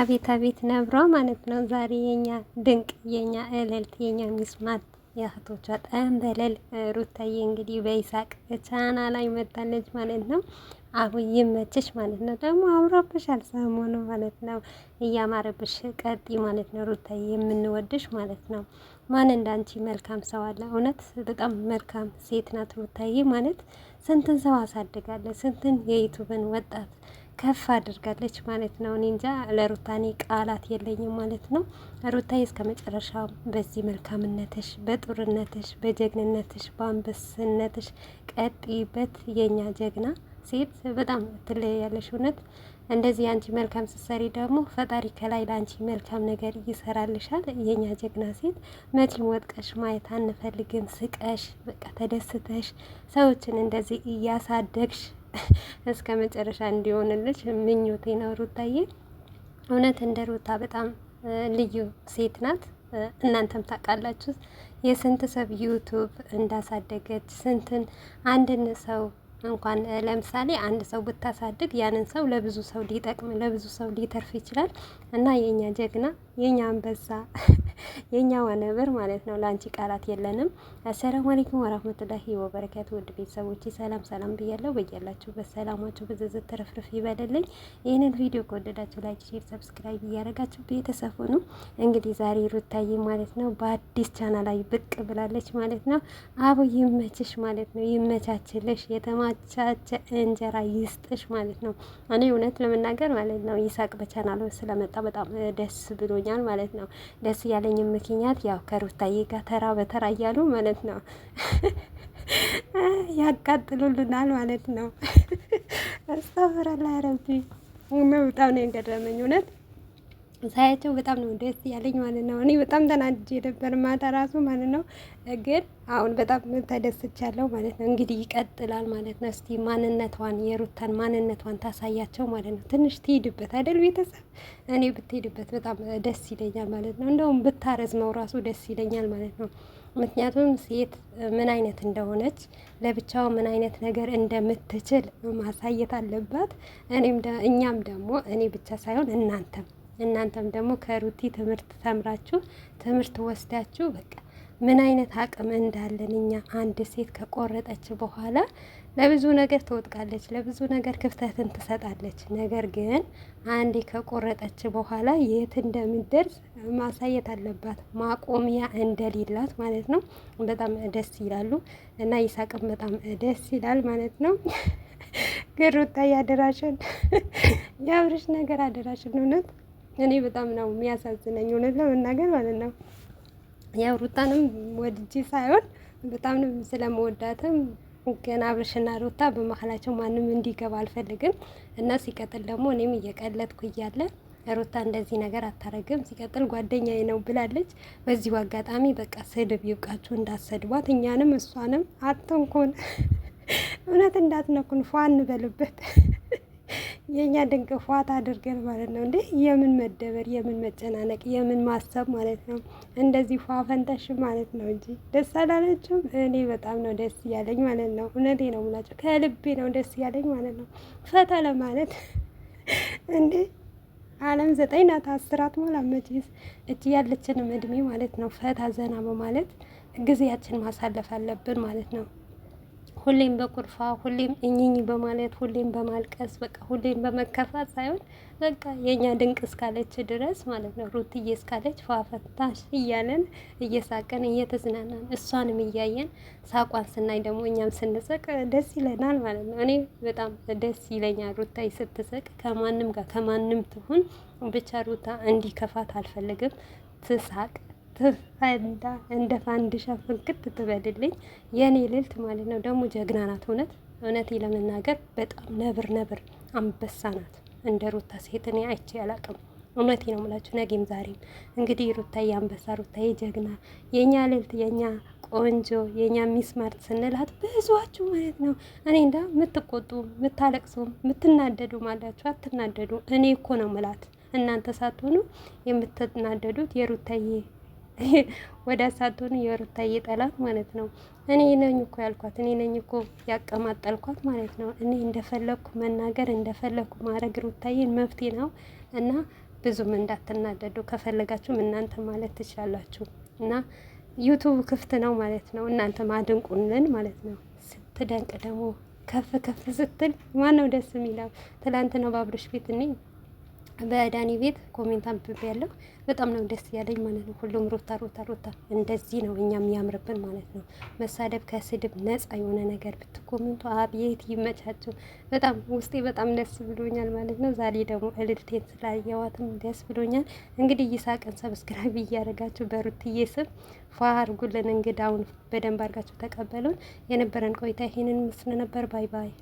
አቤት አቤት ነብሯ ማለት ነው። ዛሬ የኛ ድንቅ የኛ እልልት የኛ ሚስማት የእህቶቿ ጠንበለል ሩታዬ እንግዲህ በይሳቅ ቻና ላይ መታለች ማለት ነው። አሁ ይመችሽ ማለት ነው። ደግሞ አምሮብሻል ሰሞኑ ማለት ነው። እያማረብሽ ቀጢ ማለት ነው። ሩታዬ የምንወድሽ ማለት ነው። ማን እንዳንቺ መልካም ሰው አለ? እውነት በጣም መልካም ሴት ናት ሩታዬ ማለት ስንትን ሰው አሳድጋለ ስንትን የዩቱብን ወጣት ከፍ አድርጋለች ማለት ነው። እኔ እንጃ ለሩታኔ ቃላት የለኝም ማለት ነው። ሩታዬ እስከ መጨረሻ በዚህ መልካምነትሽ፣ በጥሩነትሽ፣ በጀግንነትሽ፣ በአንበስነትሽ ቀጥይበት። የኛ ጀግና ሴት በጣም ትለያለሽ እውነት። እንደዚህ አንቺ መልካም ስትሰሪ ደግሞ ፈጣሪ ከላይ ለአንቺ መልካም ነገር ይሰራልሻል። የኛ ጀግና ሴት መቼም ወጥቀሽ ማየት አንፈልግም። ስቀሽ፣ በቃ ተደስተሽ ሰዎችን እንደዚህ እያሳደግሽ እስከ መጨረሻ እንዲሆንልሽ ምኞቴ ነው። ሩታዬ እውነት እንደ ሩታ በጣም ልዩ ሴት ናት። እናንተም ታውቃላችሁ የስንት ሰብ ዩቱብ እንዳሳደገች ስንትን አንድን ሰው እንኳን ለምሳሌ አንድ ሰው ብታሳድግ ያንን ሰው ለብዙ ሰው ሊጠቅም ለብዙ ሰው ሊተርፍ ይችላል እና የእኛ ጀግና የእኛ አንበሳ የእኛ ዋነበር ማለት ነው። ለአንቺ ቃላት የለንም። አሰላሙ አለይኩም ወራህመቱላሂ ወበረካቱ። ውድ ቤተሰቦች ሰላም ሰላም ብያለሁ። በያላችሁበት በሰላማችሁ ብዝዝት ትርፍርፍ ይበልልኝ። ይህንን ቪዲዮ ከወደዳችሁ ላይክ፣ ሼር፣ ሰብስክራይብ እያደረጋችሁ ቤተሰብ ሁኑ። እንግዲህ ዛሬ ሩታዬ ማለት ነው በአዲስ ቻናል ላይ ብቅ ብላለች ማለት ነው። አቦ ይመችሽ ማለት ነው። ይመቻችልሽ የተማ የተከማቻቸ እንጀራ ይስጥሽ ማለት ነው። እኔ እውነት ለመናገር ማለት ነው ይሳቅ በቻናሉ ስለመጣ በጣም ደስ ብሎኛል ማለት ነው። ደስ ያለኝም ምክንያት ያው ከሩታዬ ጋር ተራ በተራ እያሉ ማለት ነው ያቃጥሉልናል ማለት ነው። አስታፍራላ ረቢ በጣም ነው የገረመኝ እውነት ሳያቸው በጣም ነው ደስ ያለኝ ማለት ነው። እኔ በጣም ተናድጄ ነበር ማታ ራሱ ማለት ነው። ግን አሁን በጣም ተደስቻለሁ ማለት ነው። እንግዲህ ይቀጥላል ማለት ነው። እስቲ ማንነቷን የሩታን ማንነቷን ታሳያቸው ማለት ነው። ትንሽ ትሄድበት አይደል ቤተሰብ፣ እኔ ብትሄድበት በጣም ደስ ይለኛል ማለት ነው። እንደውም ብታረዝመው ራሱ ደስ ይለኛል ማለት ነው። ምክንያቱም ሴት ምን አይነት እንደሆነች ለብቻው ምን አይነት ነገር እንደምትችል ማሳየት አለባት። እኔም እኛም ደግሞ እኔ ብቻ ሳይሆን እናንተም እናንተም ደግሞ ከሩቲ ትምህርት ተምራችሁ ትምህርት ወስዳችሁ በቃ ምን አይነት አቅም እንዳለን እኛ አንድ ሴት ከቆረጠች በኋላ ለብዙ ነገር ትወጥቃለች፣ ለብዙ ነገር ክፍተትን ትሰጣለች። ነገር ግን አንዴ ከቆረጠች በኋላ የት እንደምትደርስ ማሳየት አለባት፣ ማቆሚያ እንደሌላት ማለት ነው። በጣም ደስ ይላሉ እና ይሳቅም በጣም ደስ ይላል ማለት ነው። ግሩታ ያደራሽን የአብርሽ ነገር አደራሽን እውነት እኔ በጣም ነው የሚያሳዝነኝ እውነት ለመናገር ማለት ነው። ያው ሩታንም ወድጄ ሳይሆን በጣም ነው ስለመወዳትም ገና አብርሽና ሩታ በመሀላቸው ማንም እንዲገባ አልፈልግም እና ሲቀጥል ደግሞ እኔም እየቀለጥኩ እያለ ሩታ እንደዚህ ነገር አታረግም። ሲቀጥል ጓደኛዬ ነው ብላለች። በዚሁ አጋጣሚ በቃ ስድብ ይብቃችሁ፣ እንዳሰድቧት እኛንም እሷንም አትንኩን። እውነት እንዳትነኩን ፏ እንበልበት። የእኛ ድንቅ ፏት አድርገን ማለት ነው። እንዴ የምን መደበር፣ የምን መጨናነቅ፣ የምን ማሰብ ማለት ነው። እንደዚህ ፏ ፈንጠሽ ማለት ነው እንጂ ደስ አላለችም። እኔ በጣም ነው ደስ እያለኝ ማለት ነው። እውነቴ ነው ሙላቸው፣ ከልቤ ነው ደስ እያለኝ ማለት ነው። ፈታ ለማለት እንዴ አለም ዘጠኝ ናት አስራት ሞላ መቼስ እጅ ያለችንም እድሜ ማለት ነው። ፈታ ዘና በማለት ጊዜያችን ማሳለፍ አለብን ማለት ነው። ሁሌም በቁርፋ ሁሌም እኝኝ በማለት ሁሌም በማልቀስ በቃ ሁሌም በመከፋት ሳይሆን በቃ የእኛ ድንቅ እስካለች ድረስ ማለት ነው ሩትዬ እስካለች ፏፈታሽ እያለን እየሳቀን እየተዝናናን እሷንም እያየን ሳቋን ስናይ ደግሞ እኛም ስንስቅ ደስ ይለናል ማለት ነው። እኔ በጣም ደስ ይለኛል ሩታይ ስትስቅ ከማንም ጋር ከማንም ትሁን ብቻ ሩታ እንዲከፋት አልፈልግም ትሳቅ ትፈንዳ እንደ ፋንድሻ ፍንክት ትበልልኝ የኔ ልልት ማለት ነው። ደግሞ ጀግና ናት። እውነት እውነቴ ለመናገር በጣም ነብር ነብር አንበሳ ናት። እንደ ሩታ ሴት እኔ አይቼ አላቅም። እውነቴ ነው የምላችሁ ነገም ዛሬም። እንግዲህ ሩታ የአንበሳ ሩታ የጀግና የእኛ ልልት የእኛ ቆንጆ የእኛ ሚስማርት ስንላት ብዙዋችሁ ማለት ነው። እኔ እንዳ የምትቆጡ የምታለቅሱ የምትናደዱ ማላችሁ አትናደዱ። እኔ እኮ ነው ምላት እናንተ ሳትሆኑ የምትናደዱት የሩታዬ ወደ አሳቱን የሩታዬ ጠላት ማለት ነው። እኔ ነኝ እኮ ያልኳት፣ እኔ ነኝ እኮ ያቀማጠልኳት ማለት ነው። እኔ እንደፈለግኩ መናገር እንደፈለግኩ ማድረግ ሩታዬን መፍትሄ ነው እና ብዙም እንዳትናደዱ ከፈለጋችሁም እናንተ ማለት ትችላላችሁ እና ዩቱብ ክፍት ነው ማለት ነው። እናንተ ማድንቁልን ማለት ነው። ስትደንቅ ደግሞ ከፍ ከፍ ስትል ማን ነው ደስ የሚለው? ትላንት ነው ባብሮሽ ቤት እኔ በዳኒ ቤት ኮሜንት አንብቤ ያለው በጣም ነው ደስ ያለኝ ማለት ነው። ሁሉም ሮታ ሮታ ሮታ እንደዚህ ነው እኛም ያምርብን ማለት ነው። መሳደብ ከስድብ ነፃ የሆነ ነገር ብትኮሜንቱ አብየት ይመቻቸው። በጣም ውስጤ በጣም ደስ ብሎኛል ማለት ነው። ዛሬ ደግሞ እልልቴን ስላየዋትም ደስ ብሎኛል። እንግዲህ ይሳቅን ሰብስክራይብ እያደረጋችሁ በሩትዬ ስም ፏ አድርጉልን። እንግዳውን በደንብ አድርጋችሁ ተቀበሉን። የነበረን ቆይታ ይሄንን ምስል ነበር። ባይ ባይ